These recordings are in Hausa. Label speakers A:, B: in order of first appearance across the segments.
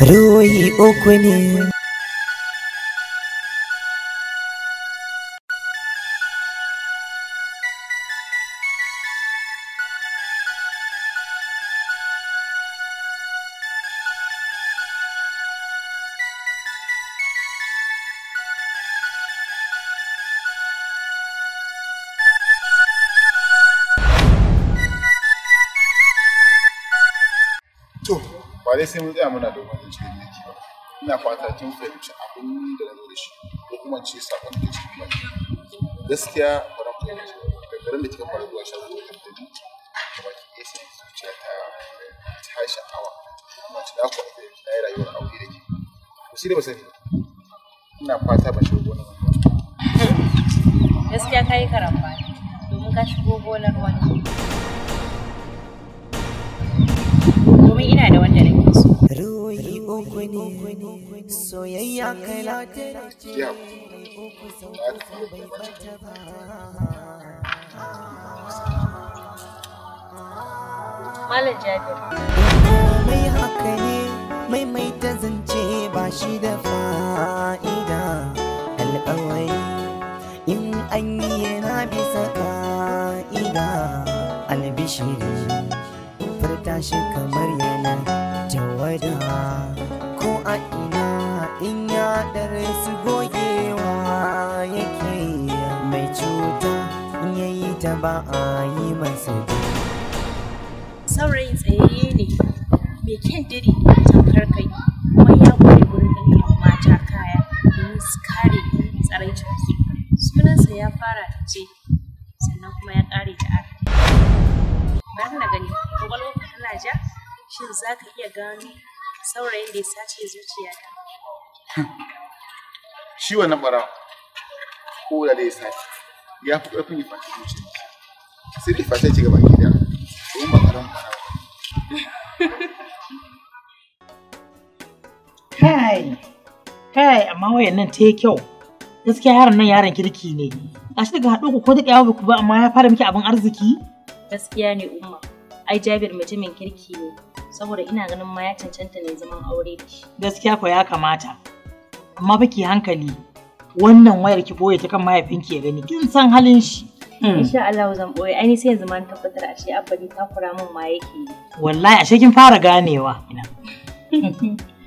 A: Rui Okwenye
B: ba dai sai mun tsaya muna da wani cikin yake ba ina fata kin fahimci abin da na da shi ko kuma ce sakon da ciki ba gaskiya bara ku da garin da kika fara zuwa shan ruwa da dadi ba ki iya sai zuciya ta ta sha'awa amma ci da ku da na rayuwar aure da ke ku sai ba sai ina fata ba shigo gonar
A: gaskiya kai karamba domin ka shigo gonar wani domin ina da wanda nake uku soyayya kai lafiya ya Mai haka ne maimaita zance ba shi da fa'ida alƙawari in an yi yana bisa ka'ida albishiri furta shi kamar yana da ko a ina in yaɗar su gogewa yake mai cuta in yayi ta ba a yi masa saurayin tsayayye ne mai kyan diri a tamkar kai kuma ya ƙware gurin ɗinkan mata kaya domin su kare tsaraicin su sunansa ya fara da ce sannan kuma ya ƙare ta ar. Bari na gani, tana ja? shin za ka iya gano saurayin da ya sace zuciya ta?
B: Hmm. Shi wannan ɓarawa, ko da ya sace, ya fi ƙarfin ya fata zuciya. Sai dai fata ce gaba gida, domin ba ƙaramin ɓarawa.
A: Kai, kai, amma wayan nan ta yi kyau. Gaskiya yaron nan yaron kirki ne. A shi daga haɗo ku ko daga yawo ku ba amma ya fara miki abin arziki? Gaskiya ne Umma. Ai Jabir mutumin kirki ne. saboda ina ganin ma ya cancanta ne zaman aure da shi gaskiya ko ya kamata amma baki hankali wannan wayar ki boye ta kan mahaifinki ya gani kin san halin shi insha hmm. Allah zan boye ai sai yanzu ma tabbatar ashe abba ta kura min ma yake wallahi ashe kin fara ganewa ina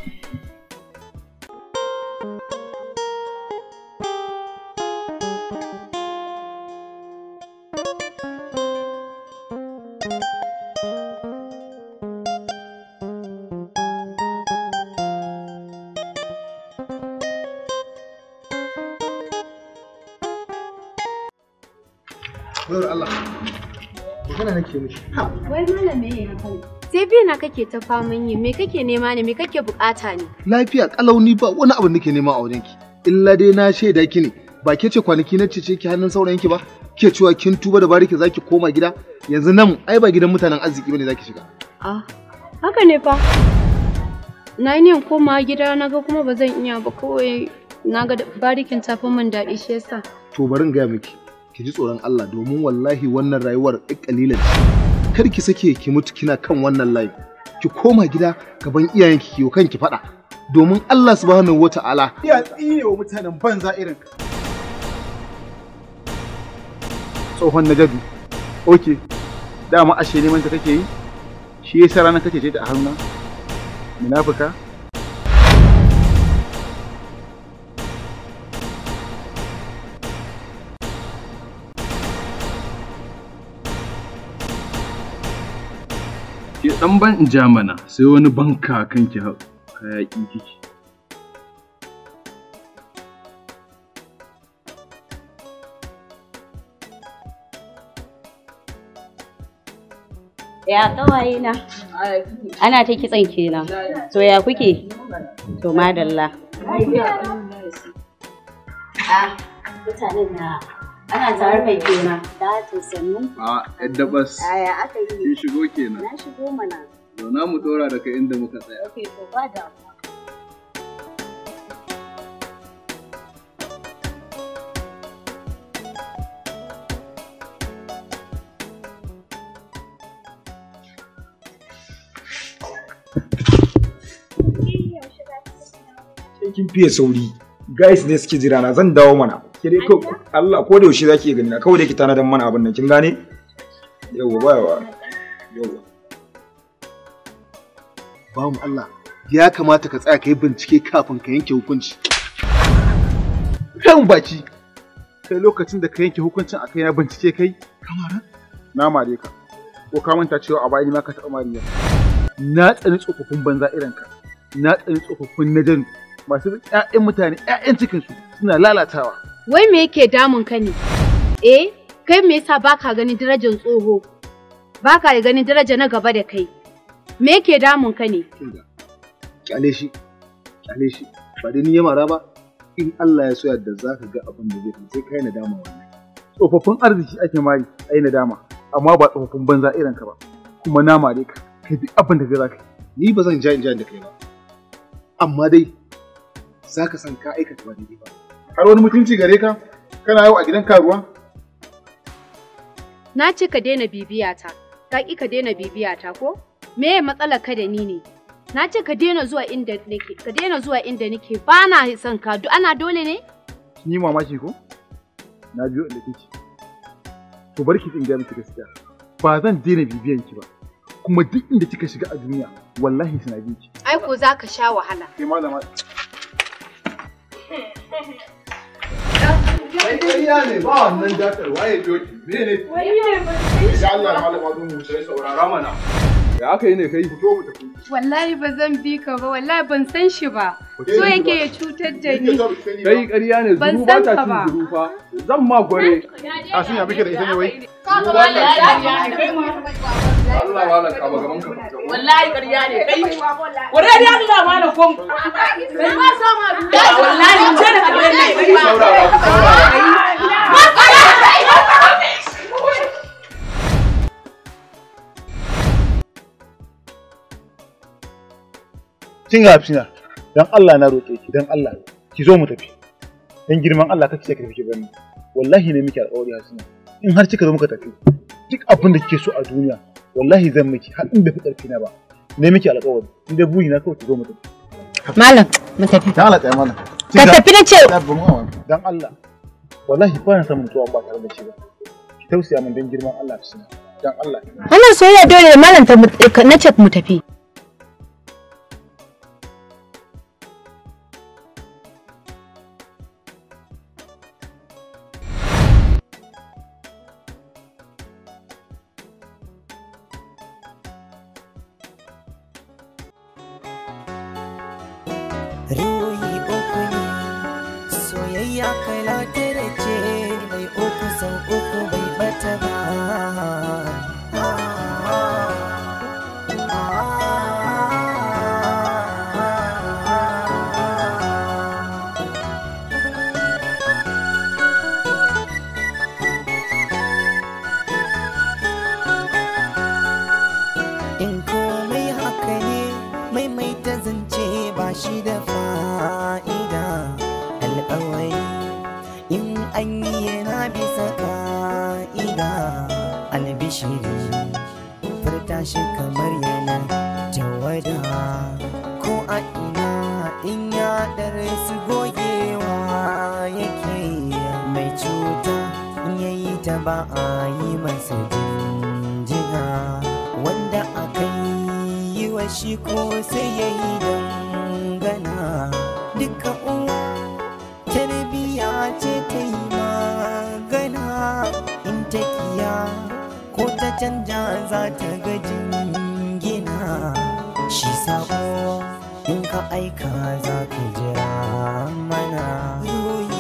B: Bayar Allah. Magana nake miki.
A: Wai malam ya kai? Sai biya na kake ta faman yi, me kake nema ne, me kake bukata ne?
B: Lafiya kalauni ba wani abu nake nema a wajenki. Illa dai na shaida ki ne, ba ke ce kwanaki na cece ki hannun saurayinki ba, ke cewa kin tuba da bariki zaki koma gida, yanzu nan ai ba gidan mutanen arziki bane zaki shiga.
A: Ah, haka ne fa. Na yi niyan koma gida na ga kuma ba zan iya ba kawai na ga barikin ta min daɗi shi yasa.
B: To bari in gaya miki ki ji tsoron Allah domin wallahi wannan rayuwar ƙalilan kar ki sake ki mutu kina kan wannan layi ki koma gida gaban iyayenki ki ki faɗa domin Allah subhanahu wata'ala ya tsine wa mutanen banza irin ka. tsohon gadi. oke dama ashe neman ta kake yi shi yasa ranar kake ce ta a hannuna munafuka Ke ɗan ban in ja mana sai wani banka kanki hayaƙi kiki.
A: Ya kawaye na. Ana ta kitsan kenan. To ya kuke? To madalla.
B: Ah, mutanen na Ana tare mai kenan. Da ta sannu. A yadda bas.
A: Aya aka yi. Kin shigo kenan. Na shigo mana.
B: Zauna mu dora daga inda muka tsaya.
A: Okay to ba damuwa.
B: kin fiye sauri guys ne suke jirana zan dawo mana ke dai ko Allah ko da yaushe zaki iya ganina kawai da ki tana mana abin nan kin gane yawa bayawa yawa mu Allah ya kamata ka tsaya ka yi bincike kafin ka yanke hukunci kan baki kai lokacin da ka yanke hukuncin a kai bincike kai kamar na mare ka ko ka manta cewa a baya ni ma ka taɓa mariya na tsani tsofaffin banza irin ka na tsani tsofaffin najaru masu ƴaƴan mutane ƴaƴan cikinsu suna lalatawa Wai me yake damun ka ne? Eh, kai me yasa baka ganin darajar tsoho? Baka da ganin daraja na gaba da kai. Me yake damun ka ne? Kyale shi, kyale shi, ba dai ni ya mara ba. In Allah ya so yadda za ka ga abin da zai sai kai nadama wannan. Tsofaffin arziki ake mari, ai nadama, amma ba tsofaffin banza irin ka ba. Kuma na mare ka, kai bi abin da za ka Ni ba zan ja in ja da kai ba. Amma dai, za ka san ka aikata ba daidai ba. har wani mutunci gare ka kana yau a gidan karuwa na ce ka daina bibiyata ka ki ka daina bibiyata ko me ya matsala ka da ni ne na
A: ce ka daina zuwa inda nake ka daina zuwa inda nake ba na son ka duk ana dole ne
B: Ni mamaki ko na biyo da kike to barki in ga miki gaskiya ba zan daina bibiyan ki ba kuma duk inda kika shiga a duniya wallahi suna bi ki ai ko zaka sha wahala kai malama Kai ƙarya ne ba wannan dakar waye doki. Me ne?
A: Wai ne ba.
B: Insha Allah malama zo mu saurara mana. Ya aka yi ne kai? Fito mu
A: tafi. Wallahi ba zan
B: bi ka ba, wallahi ban san shi ba. So yake ya cutar da ni. Kai ƙarya ne, zuru ba ta cin zuru fa. Zan ma gore A sun ya bike da ita ne wai. Allah wala ne
A: Wallahi ƙarya ne ne Wallahi ne.
B: kin ga don dan Allah na roƙe ki dan Allah ki zo mu tafi dan girman Allah ce ka tafi ki bani wallahi ne miki alƙawari Hafsina in har kika zo muka tafi duk abin da kike so a duniya wallahi zan miki har in bai fi ƙarfi na ba ne miki alƙawari in dai buri na kawai ki zo mu tafi malam mu tafi dan Allah tsaya malam. ka tafi na ce dan Allah wallahi ba na samun tuwa ba tare da shi ba ki tausaya min dan girman Allah Hafsina dan Allah ana soyayya dole malam ta eh, na ce mu tafi
A: ruhi uku ne soyayya kai latare ce mai uku sau uku bai bata ba albishiri furta shi kamar yana tawada ko a ina in ya dare su gogewa yake mai cuta yayi ta ba a yi masa jinjina wanda aka yi wa shi ko sai ya yi dangana duka uwa tarbiyya ce ta yi canja za ta ga jingina shi sako in ka aika za ka jira mana